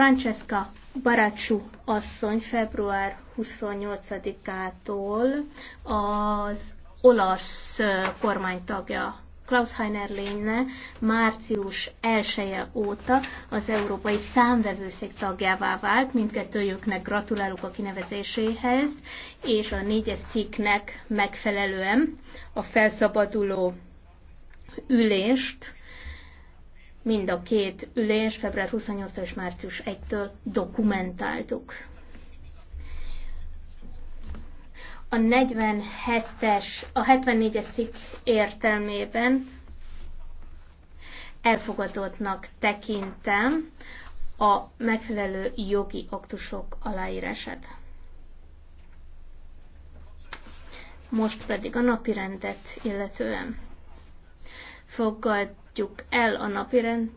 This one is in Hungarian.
Francesca Baracsú asszony február 28-ától az olasz kormánytagja Klaus Heiner lénne március 1-e óta az Európai Számvevőszék tagjává vált. Mindkettőjüknek gratulálok a kinevezéséhez, és a négyes cikknek megfelelően a felszabaduló ülést mind a két ülés február 28 és március 1-től dokumentáltuk. A 47-es, a 74-es cikk értelmében elfogadottnak tekintem a megfelelő jogi aktusok aláírását. Most pedig a napi rendet illetően fogad fogadjuk el a napirend